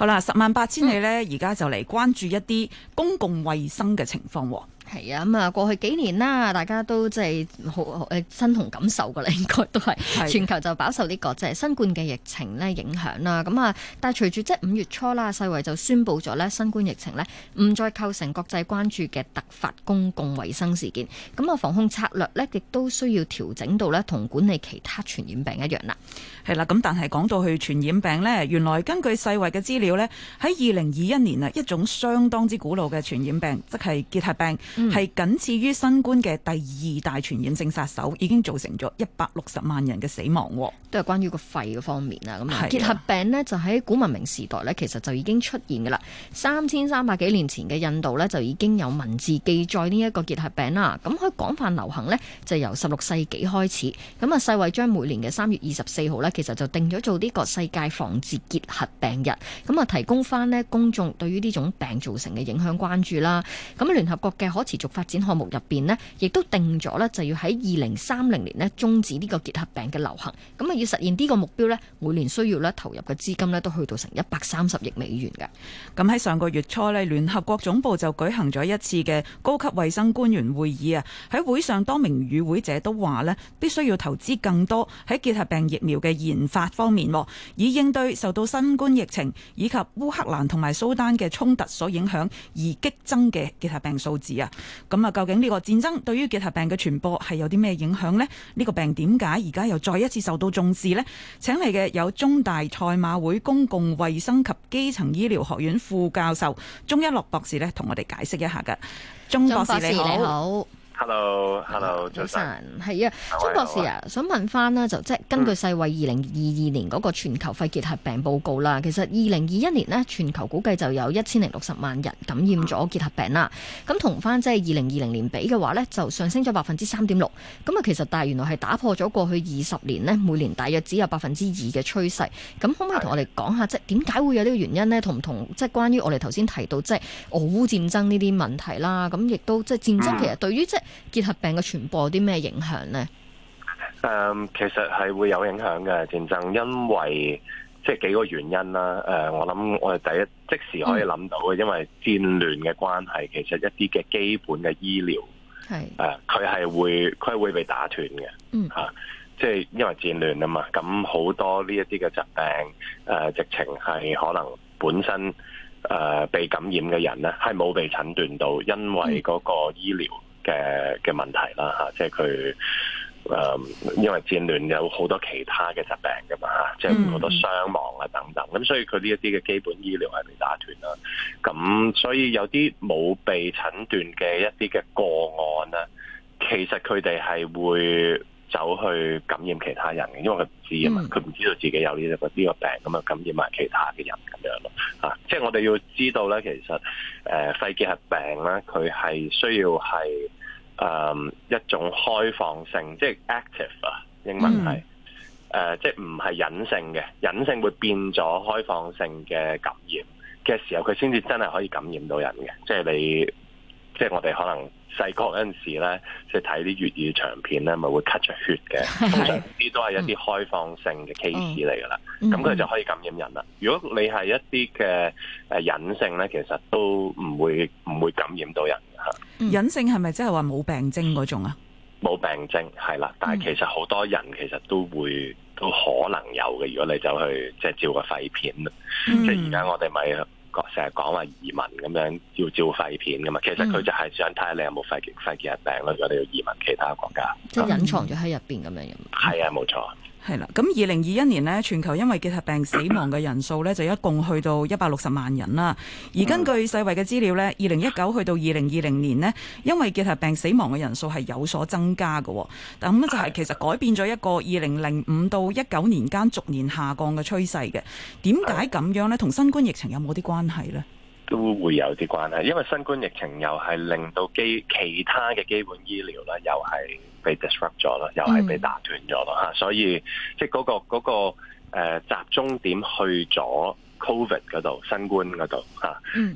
好啦，十萬八千里咧，而家、嗯、就嚟關注一啲公共衛生嘅情況。係啊，咁啊，過去幾年啦，大家都即係好誒身同感受㗎啦，應該都係的全球就飽受呢個即係新冠嘅疫情咧影響啦。咁啊，但係隨住即係五月初啦，世衛就宣布咗咧，新冠疫情咧唔再構成國際關注嘅突發公共衛生事件。咁啊，防控策略咧亦都需要調整到咧同管理其他傳染病一樣啦。係啦，咁但係講到去傳染病咧，原來根據世衛嘅資料咧，喺二零二一年啊，一種相當之古老嘅傳染病，即係結核病。係僅次於新冠嘅第二大傳染性殺手，已經造成咗一百六十萬人嘅死亡。都係關於個肺嘅方面啊。咁結核病呢，就喺古文明時代呢，其實就已經出現㗎啦。三千三百幾年前嘅印度呢，就已經有文字記載呢一個結核病啦。咁佢廣泛流行呢，就由十六世紀開始。咁啊，世衛將每年嘅三月二十四號呢，其實就定咗做呢個世界防治結核病日。咁啊，提供返呢公眾對於呢種病造成嘅影響關注啦。咁聯合國嘅可持續發展項目入邊呢，亦都定咗咧，就要喺二零三零年呢，終止呢個結核病嘅流行。咁啊，要實現呢個目標呢，每年需要呢投入嘅資金呢，都去到成一百三十億美元嘅。咁喺上個月初呢，聯合國總部就舉行咗一次嘅高級衛生官員會議啊。喺會上，多名與會者都話呢，必須要投資更多喺結核病疫苗嘅研發方面，以應對受到新冠疫情以及烏克蘭同埋蘇丹嘅衝突所影響而激增嘅結核病數字啊。咁啊，究竟呢個戰爭對於結核病嘅傳播係有啲咩影響呢？呢、呢個病點解而家又再一次受到重視呢？請嚟嘅有中大賽馬會公共衛生及基層醫療學院副教授鍾一諾博士咧，同我哋解釋一下嘅。鍾博士你好。hello，hello，hello, 早晨安，係啊，鍾博士啊，啊想問翻啦，就即係根據世衛二零二二年嗰個全球肺結核病報告啦。嗯、其實二零二一年呢，全球估計就有一千零六十萬人感染咗結核病啦。咁、嗯、同翻即係二零二零年比嘅話呢，就上升咗百分之三點六。咁啊，其實大原來係打破咗過去二十年呢，每年大約只有百分之二嘅趨勢。咁可唔可以同我哋講下、嗯、即係點解會有呢個原因呢？同唔同即係關於我哋頭先提到即係俄烏戰爭呢啲問題啦？咁亦都即係戰爭其實對於即係。嗯結核病嘅傳播有啲咩影響呢？誒，um, 其實係會有影響嘅，戰爭，因為即係幾個原因啦。誒，我諗我哋第一即時可以諗到嘅，因為戰亂嘅關係，嗯、其實一啲嘅基本嘅醫療係誒，佢係是會佢會被打斷嘅。嗯吓、啊，即係因為戰亂啊嘛，咁好多呢一啲嘅疾病誒，呃、直情係可能本身誒、呃、被感染嘅人咧係冇被診斷到，因為嗰個醫療。嗯嘅嘅問題啦嚇，即係佢誒，因為戰亂有好多其他嘅疾病噶嘛嚇，即係好多傷亡啊等等，咁所以佢呢一啲嘅基本醫療係被打斷啦，咁所以有啲冇被診斷嘅一啲嘅個案咧，其實佢哋係會。走去感染其他人嘅，因為佢唔知啊嘛，佢唔、mm. 知道自己有呢一個呢個病咁啊，感染埋其他嘅人咁樣咯，啊，即係我哋要知道咧，其實誒肺結核病咧，佢係需要係誒、呃、一種開放性，即係 active 啊，英文係誒，即係唔係隱性嘅，隱性會變咗開放性嘅感染嘅時候，佢先至真係可以感染到人嘅，即係你，即係我哋可能。細個嗰陣時咧，即係睇啲粵語長片咧，咪會咳出血嘅。通常呢啲都係一啲開放性嘅 case 嚟噶啦，咁佢、 嗯、就可以感染人啦。如果你係一啲嘅誒隱性咧，其實都唔會唔會感染到人嘅吓。隱性係咪即係話冇病徵嗰種啊？冇、嗯、病徵係啦，但係其實好多人其實都會都可能有嘅。如果你走去即係照個肺片，即係而家我哋咪。成日講話移民咁樣要照肺片噶嘛，其實佢就係想睇下你有冇肺結肺結核病咯，如果你要移民其他國家，即係隱藏咗喺入邊咁樣嘅。係啊、嗯，冇錯。係啦，咁二零二一年呢，全球因為結核病死亡嘅人數呢，就一共去到一百六十萬人啦。而根據世衛嘅資料呢，二零一九去到二零二零年呢，因為結核病死亡嘅人數係有所增加嘅喎。咁就係其實改變咗一個二零零五到一九年間逐年下降嘅趨勢嘅。點解咁樣呢？同新冠疫情有冇啲關係呢？都會有啲關係，因為新冠疫情又係令到基其他嘅基本醫療咧，又係被 disrupt 咗啦，又係被打斷咗、嗯、所以即係嗰個嗰、嗰個、集中點去咗 covid 嗰度，新冠嗰度，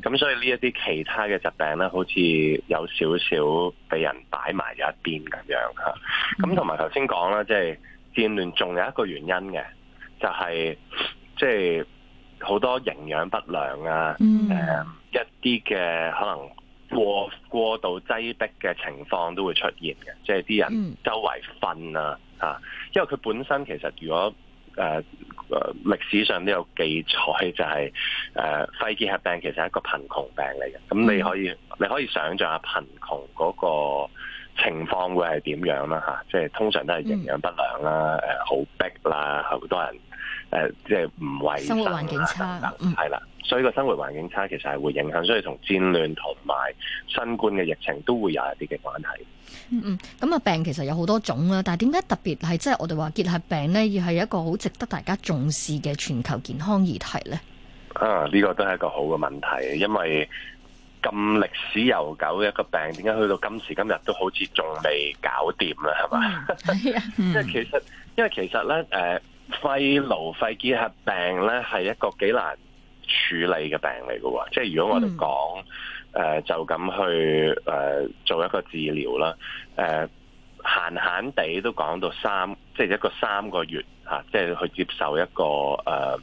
咁所以呢一啲其他嘅疾病咧，好似有少少俾人擺埋咗一邊咁樣，咁同埋頭先講啦，即係、嗯就是、戰亂仲有一個原因嘅，就係即係。就是好多營養不良啊，誒、嗯、一啲嘅可能過過度擠迫嘅情況都會出現嘅，即係啲人周圍瞓啊，啊、嗯，因為佢本身其實如果誒誒、呃、歷史上都有記載、就是，就係誒肺結核病其實係一個貧窮病嚟嘅，咁你可以、嗯、你可以想象下貧窮嗰個情況會係點樣啦、啊、嚇，即、就、係、是、通常都係營養不良、啊嗯、很啦，誒好逼啦，好多人。誒，即係唔衛生活啊，環境差，係啦等、嗯，所以個生活環境差，其實係會影響，所以同戰亂同埋新冠嘅疫情，都會有一啲嘅關係、嗯。嗯，咁啊，病其實有好多種啦，但係點解特別係即係我哋話結核病咧，要係一個好值得大家重視嘅全球健康議題咧？啊，呢、這個都係一個好嘅問題，因為咁歷史悠久嘅一個病，點解去到今時今日都好似仲未搞掂咧？係嘛？係啊，即係其實，因為其實咧，誒、呃。肺癆、肺結核病咧，係一個幾難處理嘅病嚟嘅。即係如果我哋講誒，就咁去誒、呃、做一個治療啦。誒、呃，閒閒地都講到三，即係一個三個月吓、啊，即係去接受一個誒誒、呃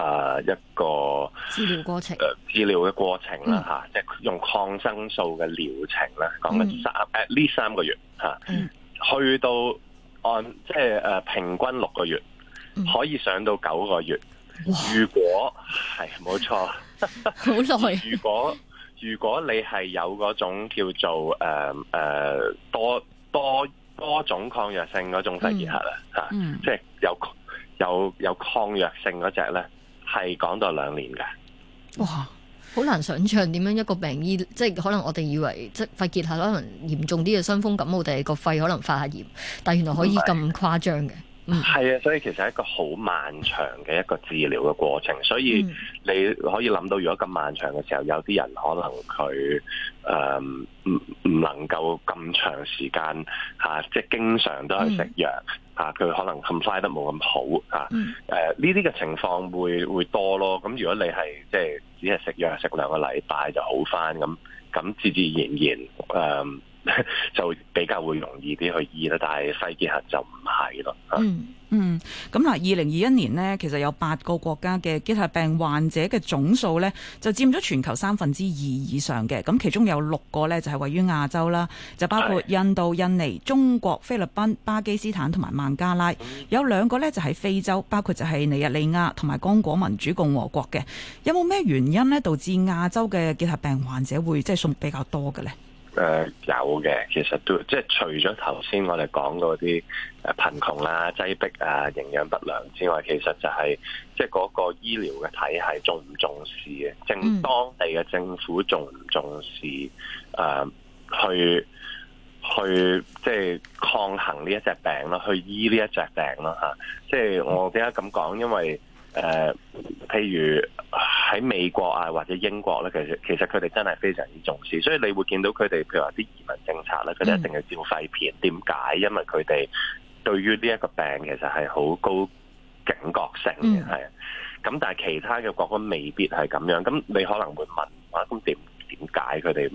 啊、一個治療過程。誒、呃，治療嘅過程啦吓，啊嗯、即係用抗生素嘅療程啦，講緊三誒呢、嗯、三個月吓，啊嗯、去到。按即係誒，平均六個月可以上到九個月。如果係冇錯，好耐哇。 如果如果你係有嗰種叫做誒誒、呃、多多多種抗藥性嗰種肺結核咧，吓，即係有有有抗藥性嗰隻咧，係講到兩年嘅。哇。好難想象點樣一個病醫，即可能我哋以為即肺結核，可能嚴重啲嘅傷風感冒，定係個肺可能發下炎，但原來可以咁誇張嘅。係啊，所以其實係一個好漫長嘅一個治療嘅過程，所以你可以諗到，如果咁漫長嘅時候，有啲人可能佢誒唔唔能夠咁長時間吓、啊，即係經常都係食藥吓，佢、啊、可能 comply 得冇咁好吓，誒呢啲嘅情況會會多咯。咁、啊、如果你係即係只係食藥食兩個禮拜就好翻，咁咁自自然然誒。啊 就比較會容易啲去醫啦，但係肺結核就唔係咯。嗯嗯，咁嗱，二零二一年呢，其實有八個國家嘅結核病患者嘅總數呢，就佔咗全球三分之二以上嘅。咁其中有六個呢，就係位於亞洲啦，就包括印度、印尼、中國、菲律賓、巴基斯坦同埋孟加拉。有兩個呢，就喺非洲，包括就係尼日利亞同埋剛果民主共和國嘅。有冇咩原因呢？導致亞洲嘅結核病患者會即係數比較多嘅呢？誒、呃，有嘅，其實都即係除咗頭先我哋講嗰啲誒貧窮啦、擠迫啊、營養、啊、不良之外，其實就係、是、即係嗰個醫療嘅體系重唔重視嘅，正、嗯、當地嘅政府重唔重視誒、呃、去去即係抗衡呢一隻病咯，去醫呢一隻病咯吓、啊。即係我點解咁講，因為。誒，uh, 譬如喺美國啊，或者英國咧，其實其實佢哋真係非常之重視，所以你會見到佢哋譬如話啲移民政策咧，佢哋一定係照肺片。點解、mm.？因為佢哋對於呢一個病其實係好高警覺性嘅，係、mm.。咁但係其他嘅國家未必係咁樣。咁你可能會問話，咁點點解佢哋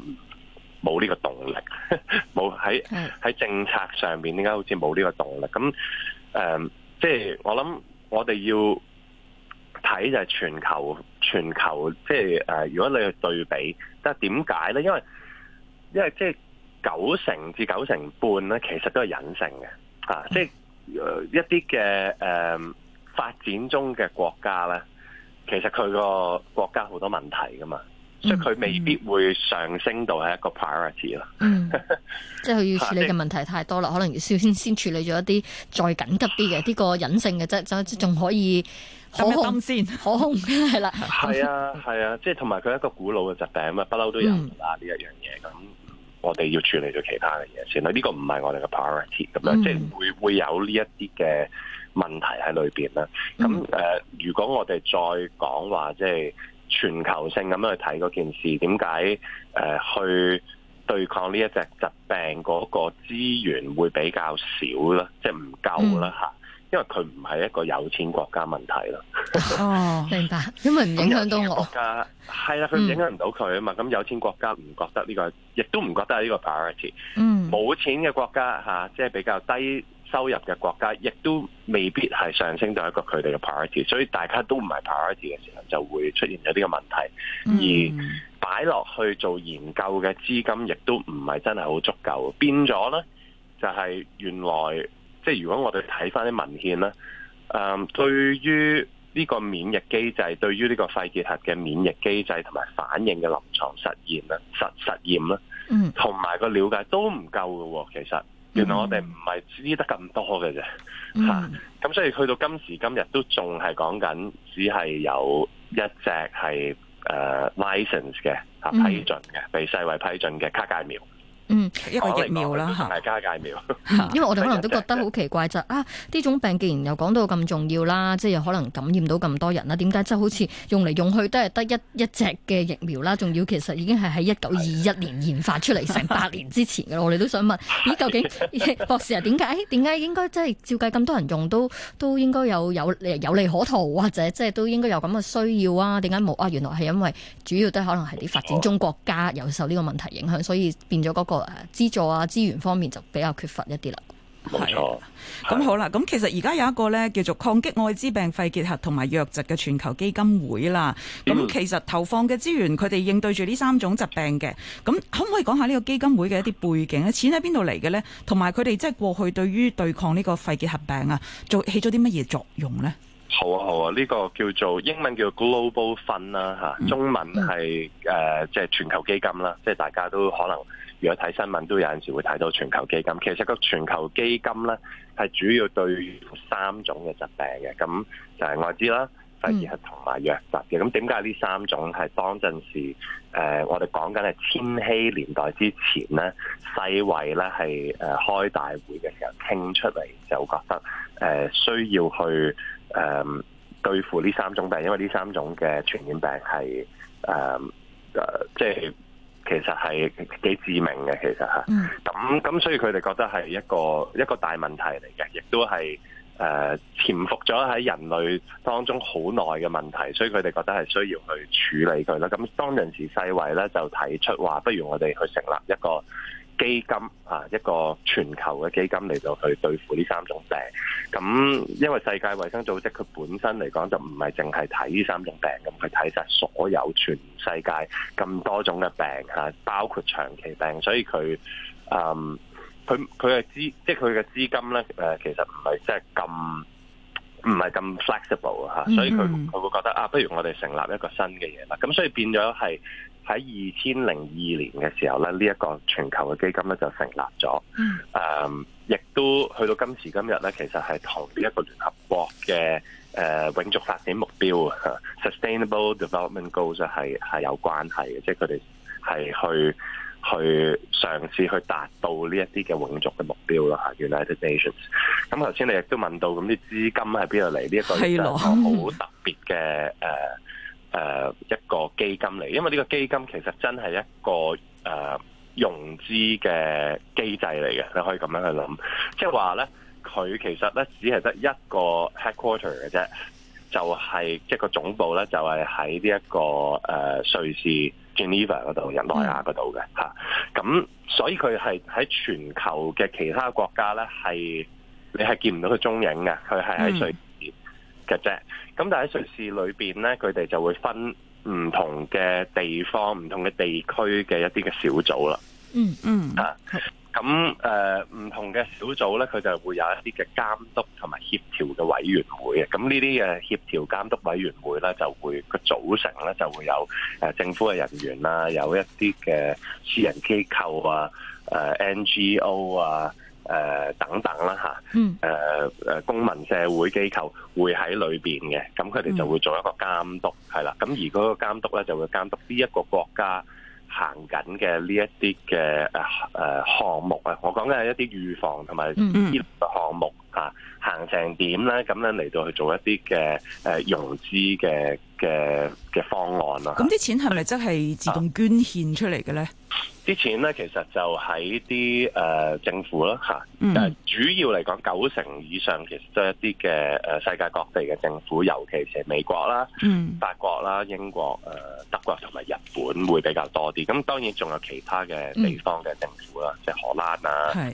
冇呢個動力？冇喺喺政策上面點解好似冇呢個動力？咁誒，uh, 即係我諗，我哋要。睇就係全球，全球即係誒，如果你去對比，但點解咧？因為因為即係九成至九成半咧，其實都係隱性嘅，啊！即係一啲嘅誒發展中嘅國家咧，其實佢個國家好多問題噶嘛。即係佢未必會上升到係一個 priority 咯，即係佢要處理嘅問題太多啦，可能要先先處理咗一啲再緊急啲嘅呢個隱性嘅啫，就仲可以可控先，可控係啦。係啊，係啊，即係同埋佢一個古老嘅疾病啊，不嬲都有啦呢一樣嘢。咁我哋要處理咗其他嘅嘢先啦，呢個唔係我哋嘅 priority 咁樣，即係會會有呢一啲嘅問題喺裏邊啦。咁誒，如果我哋再講話即係。全球性咁樣去睇嗰件事，點解誒去對抗呢一隻疾病嗰個資源會比較少咧？即係唔夠啦嚇，嗯、因為佢唔係一個有錢國家問題啦。哦， 明白，因為唔影響到我家，係啦、嗯，佢、啊、影響唔到佢啊嘛。咁有錢國家唔覺得呢、呢個，亦都唔覺得係呢個 priority。嗯，冇錢嘅國家嚇，即、啊、係、即係、比較低收入嘅國家亦都未必係上升到一個佢哋嘅 priority 所以大家都唔係 priority 嘅時候，就會出現咗呢個問題。而擺落去做研究嘅資金亦都唔係真係好足夠，變咗呢就係原來即係如果我哋睇翻啲文獻咧，誒對於呢個免疫機制，對於呢個肺結核嘅免疫機制同埋反應嘅臨床實驗咧、實實驗啦，同埋個了解都唔夠嘅喎，其實。原來我哋唔係知得咁多嘅啫，吓咁、mm. 啊、所以去到今時今日都仲係講緊，只係有一隻係誒 license 嘅，吓批准嘅，mm. 被世衛批准嘅卡介苗。嗯，一個疫苗啦吓，大家介苗因為我哋可能都覺得好奇怪就啊，呢種病既然又講到咁重要啦，即係又可能感染到咁多人啦，點解即係好似用嚟用去都係得一一隻嘅疫苗啦？仲要其實已經係喺一九二一年研發出嚟成百年之前嘅啦。我哋都想問，咦究竟的博士啊，點解點解應該即係照計咁多人用都都應該有有利有利可圖，或者即係都應該有咁嘅需要啊？點解冇啊？原來係因為主要都可能係啲發展中國家又受呢個問題影響，所以變咗嗰個。資助啊資源方面就比較缺乏一啲啦，冇錯。咁好啦，咁其實而家有一個呢，叫做抗擊艾滋病、肺結核同埋瘧疾嘅全球基金會啦。咁是其實投放嘅資源，佢哋應對住呢三種疾病嘅。咁可唔可以講下呢個基金會嘅一啲背景呢？錢喺邊度嚟嘅呢？同埋佢哋即係過去對於對抗呢個肺結核病啊，做起咗啲乜嘢作用呢？好啊好啊，呢、啊這個叫做英文叫 Global Fund 啦、啊、吓，中文係誒即係全球基金啦，即係大家都可能。如果睇新聞都有陣時會睇到全球基金，其實個全球基金咧係主要對於三種嘅疾病嘅，咁就係愛滋啦、肺癆同埋瘧疾嘅。咁點解呢三種係當陣時誒我哋講緊係千禧年代之前咧，世衞咧係誒開大會嘅時候傾出嚟，就覺得誒需要去誒對付呢三種病，因為呢三種嘅傳染病係誒誒即係。就是其實係幾致命嘅，其實嚇。咁咁，所以佢哋覺得係一個一個大問題嚟嘅，亦都係誒、呃、潛伏咗喺人類當中好耐嘅問題，所以佢哋覺得係需要去處理佢啦。咁當陣時世衛呢，世衞咧就提出話，不如我哋去成立一個。基金啊，一個全球嘅基金嚟到去對付呢三種病。咁因為世界衞生組織佢本身嚟講就唔係淨係睇呢三種病，咁佢睇晒所有全世界咁多種嘅病嚇，包括長期病。所以佢嗯佢佢嘅資即係佢嘅資金咧誒，其實唔係即係咁唔係咁 flexible 嚇。Mm-hmm. 所以佢佢會覺得啊，不如我哋成立一個新嘅嘢啦。咁所以變咗係。喺二千零二年嘅時候咧，呢、這、一個全球嘅基金咧就成立咗。嗯，誒，亦都去到今時今日咧，其實係同呢一個聯合國嘅誒、呃、永續發展目標啊，Sustainable Development Goals 係係有關係嘅，即係佢哋係去去嘗試去達到呢一啲嘅永續嘅目標咯嚇。United Nations。咁頭先你亦都問到，咁啲資金喺邊度嚟？呢、這、一個係咯，好特別嘅誒。的誒、呃、一個基金嚟，因為呢個基金其實真係一個誒、呃、融資嘅機制嚟嘅，你可以咁樣去諗，即係話咧，佢其實咧只係得一個 headquarter 嘅啫，就係即係個總部咧，就係喺呢一個誒、呃、瑞士 Geneva 嗰度，日內瓦嗰度嘅，咁所以佢係喺全球嘅其他國家咧，係你係見唔到佢蹤影嘅，佢係喺瑞士。Mm. 嘅啫，咁但係喺瑞士裏邊咧，佢哋就會分唔同嘅地方、唔同嘅地區嘅一啲嘅小組啦、嗯。嗯嗯，咁誒、啊，唔、呃、唔同嘅小組咧，佢就會有一啲嘅監督同埋協調嘅委員會嘅。咁呢啲嘅協調監督委員會咧，就會、嗰個組成咧就會有誒政府嘅人員啦，有一啲嘅私人機構啊，誒、呃、NGO 啊。誒、呃、等等啦吓，嗯、誒誒，公民社會機構會喺裏面嘅，咁佢哋就會做一個監督係啦，咁而嗰個監督咧就會監督呢一個國家行緊嘅呢一啲嘅誒誒項目啊，我講緊係一啲預防同埋醫療嘅項目。嗯嗯啊，行成點咧？咁樣嚟到去做一啲嘅誒融資嘅嘅嘅方案啦。咁、啊、啲錢係咪真係自動捐獻出嚟嘅咧？啲、啊、錢咧，其實就喺啲誒政府啦嚇。誒、啊嗯、主要嚟講，九成以上其實都係一啲嘅誒世界各地嘅政府，尤其是美國啦、啊嗯、法國啦、英國、誒、呃、德國同埋日本會比較多啲。咁當然仲有其他嘅地方嘅政府啦，嗯、即係荷蘭啦。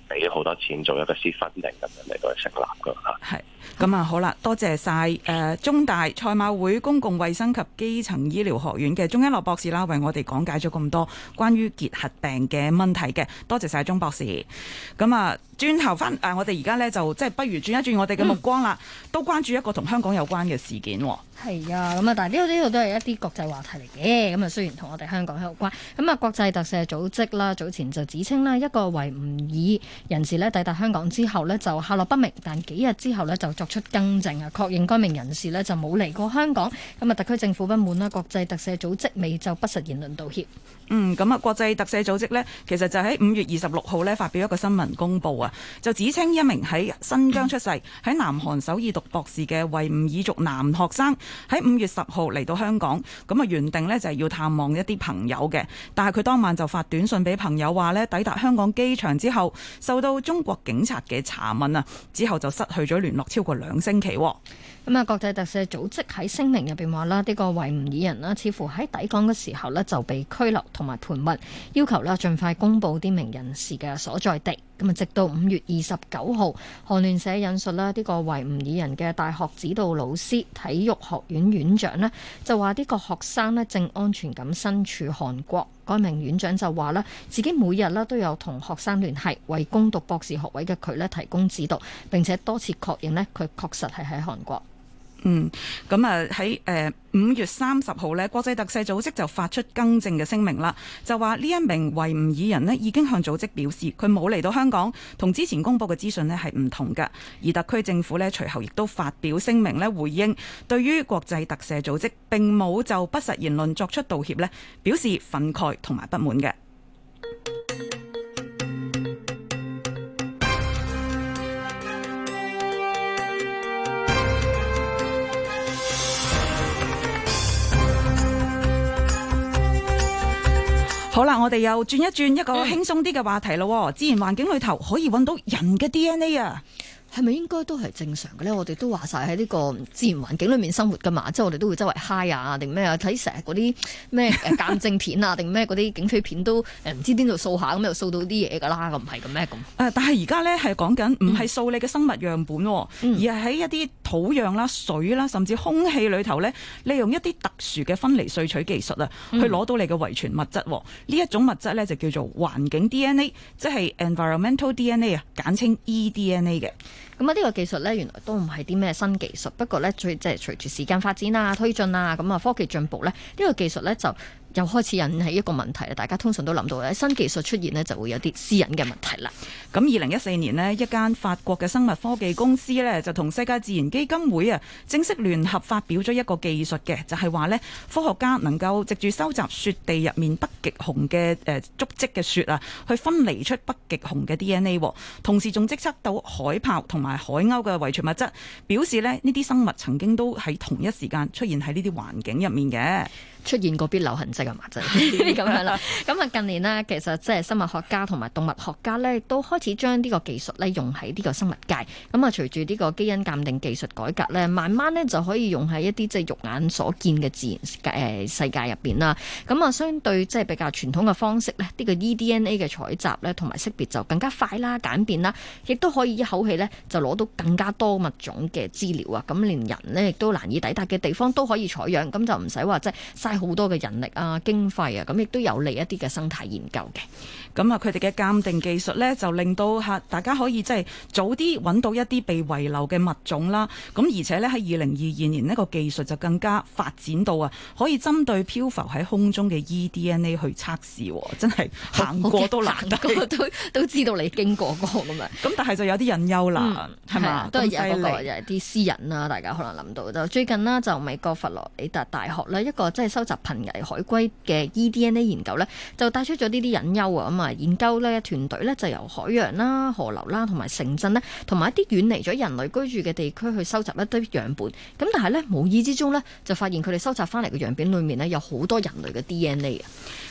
俾好多錢做一個司法認同嚟去成立㗎嚇，係咁啊，好啦，多謝晒誒、呃、中大賽馬會公共衛生及基層醫療學院嘅鍾一諾博士啦，為我哋講解咗咁多關於結核病嘅問題嘅，多謝晒鍾博士。咁啊，轉頭翻誒、嗯啊，我哋而家咧就即係不如轉一轉我哋嘅目光啦，嗯、都關注一個同香港有關嘅事件喎、哦。係啊，咁啊，但係呢度呢度都係一啲國際話題嚟嘅，咁啊雖然同我哋香港有關，咁啊國際特赦組織啦，早前就指稱咧一個維吾爾。人士呢，抵達香港之後呢，就下落不明，但幾日之後呢，就作出更正啊，確認該名人士呢，就冇嚟過香港。咁啊，特區政府不滿啦，國際特赦組織未就不實言論道歉。嗯，咁啊，國際特赦組織呢，其實就喺五月二十六號呢發表一個新聞公佈啊，就指稱一名喺新疆出世、喺南韓首爾讀博士嘅維吾爾族男學生喺五月十號嚟到香港。咁啊，原定呢，就要探望一啲朋友嘅，但係佢當晚就發短信俾朋友話呢，抵達香港機場之後，受到中國警察嘅查問啊，之後就失去咗聯絡超過兩星期。咁啊，國際特赦組織喺聲明入邊話啦，呢個維吾爾人啦，似乎喺抵港嘅時候咧就被拘留同埋盤問，要求咧盡快公布啲名人士嘅所在地。咁啊，直到五月二十九號，韓聯社引述啦，呢個維吾爾人嘅大學指導老師、體育學院院長呢，就話呢個學生呢正安全咁身處韓國。嗰名院長就話呢，自己每日呢都有同學生聯繫，為攻讀博士學位嘅佢呢提供指導，並且多次確認呢，佢確實係喺韓國。嗯，咁啊喺誒五月三十號呢，國際特赦組織就發出更正嘅聲明啦，就話呢一名維吾爾人呢已經向組織表示佢冇嚟到香港，同之前公布嘅資訊呢係唔同嘅，而特區政府呢隨後亦都發表聲明呢回應，對於國際特赦組織並冇就不實言論作出道歉呢，表示憤慨同埋不滿嘅。好啦，我哋又轉一轉一個輕鬆啲嘅話題咯。自然環境裏頭可以搵到人嘅 DNA 啊。係咪應該都係正常嘅咧？我哋都話晒喺呢個自然環境裏面生活噶嘛，即係我哋都會周圍嗨 i 啊，定咩啊？睇成日嗰啲咩鑑證片啊，定咩嗰啲警匪片都誒唔知邊度掃下咁，就掃到啲嘢噶啦，咁唔係咁咩咁？誒、呃，但係而家咧係講緊唔係掃你嘅生物樣本、喎，嗯、而係喺一啲土壤啦、水啦，甚至空氣裏頭咧，利用一啲特殊嘅分離萃取技術啊，去攞到你嘅遺傳物質、喎。呢、嗯、一種物質咧就叫做環境 D N A，即係 environmental D N A 啊，簡稱 e D N A 嘅。咁啊，呢個技術咧，原來都唔係啲咩新技術。不過咧，最即係隨住時間發展啊、推進啊，咁啊，科技進步咧，呢個技術咧就。又開始引起一個問題啦，大家通常都諗到咧，新技術出現咧就會有啲私隱嘅問題啦。咁二零一四年咧，一間法國嘅生物科技公司咧就同世界自然基金會啊正式聯合發表咗一個技術嘅，就係話咧科學家能夠藉住收集雪地入面北極熊嘅誒足跡嘅雪啊，去分離出北極熊嘅 DNA，同時仲偵測到海豹同埋海鷗嘅遺傳物質，表示咧呢啲生物曾經都喺同一時間出現喺呢啲環境入面嘅。出現個別流行跡啊嘛，即係咁樣啦。咁啊近年呢，其實即係生物學家同埋動物學家咧，都開始將呢個技術咧用喺呢個生物界。咁啊，隨住呢個基因鑑定技術改革咧，慢慢咧就可以用喺一啲即係肉眼所見嘅自然界誒世界入邊啦。咁啊，相對即係比較傳統嘅方式呢，呢、呢個 eDNA 嘅採集咧同埋識別就更加快啦、簡便啦，亦都可以一口氣咧就攞到更加多物種嘅資料啊。咁連人呢亦都難以抵達嘅地方都可以採樣，咁就唔使話即係。好多嘅人力啊、經費啊，咁亦都有利一啲嘅生態研究嘅。咁啊，佢哋嘅鑑定技術呢，就令到大家可以即係早啲揾到一啲被遺留嘅物種啦。咁而且呢，喺二零二二年，呢個技術就更加發展到啊，可以針對漂浮喺空中嘅 eDNA 去測試，真係行過都難得，都， 都知道你經過過咁啊。咁 但係就有啲隱憂啦，係嘛、嗯？吧都係有、嗰個、個有啲私隱啦，大家可能諗到就最近啦，就美國佛羅里達大學啦一個即係收集瀕危海龜嘅 eDNA 研究呢，就帶出咗呢啲隱憂啊。研究呢團隊呢，就由海洋啦、河流啦，同埋城鎮呢，同埋一啲遠離咗人類居住嘅地區去收集一堆樣本。咁但係呢，無意之中呢，就發現佢哋收集翻嚟嘅樣本裏面呢，有好多人類嘅 DNA。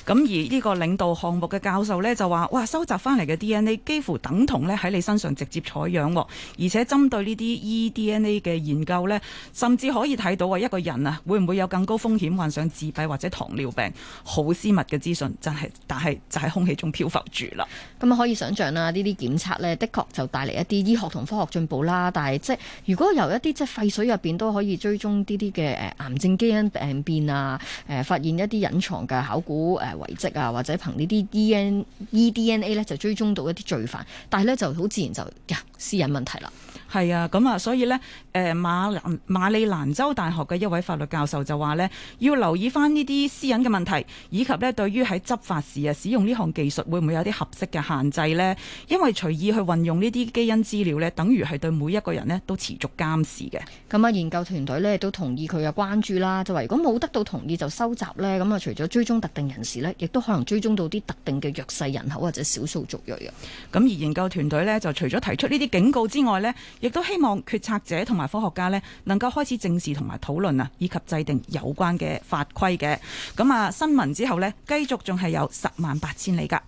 咁而呢個領導項目嘅教授呢，就話：哇，收集翻嚟嘅 DNA 幾乎等同呢喺你身上直接採樣，而且針對呢啲 eDNA 嘅研究呢，甚至可以睇到啊，一個人啊會唔會有更高風險患上自閉或者糖尿病？好私密嘅資訊，真係，但係就喺空氣中漂漂住啦，咁可以想象啦，呢啲檢測呢的確就帶嚟一啲醫學同科學進步啦。但係即係如果由一啲即係廢水入邊都可以追蹤呢啲嘅誒癌症基因病變啊，誒、呃、發現一啲隱藏嘅考古誒遺跡啊，或者憑呢啲 D N E D N A 呢，就追蹤到一啲罪犯，但係呢，就好自然就呀私隱問題啦。係啊，咁啊，所以呢，誒馬蘭馬里蘭州大學嘅一位法律教授就話呢，要留意翻呢啲私隱嘅問題，以及呢對於喺執法時啊使用呢項技術，會唔會有啲合適嘅限制呢？因為隨意去運用呢啲基因資料呢，等於係對每一個人呢都持續監視嘅。咁啊，研究團隊呢都同意佢嘅關注啦，就話如果冇得到同意就收集呢。咁啊除咗追蹤特定人士呢，亦都可能追蹤到啲特定嘅弱勢人口或者少數族裔啊。咁而研究團隊呢，就除咗提出呢啲警告之外呢。亦都希望決策者同埋科學家咧能夠開始正視同埋討論，以及制定有關嘅法規嘅。咁啊，新聞之後咧，繼續仲係有十萬八千里㗎。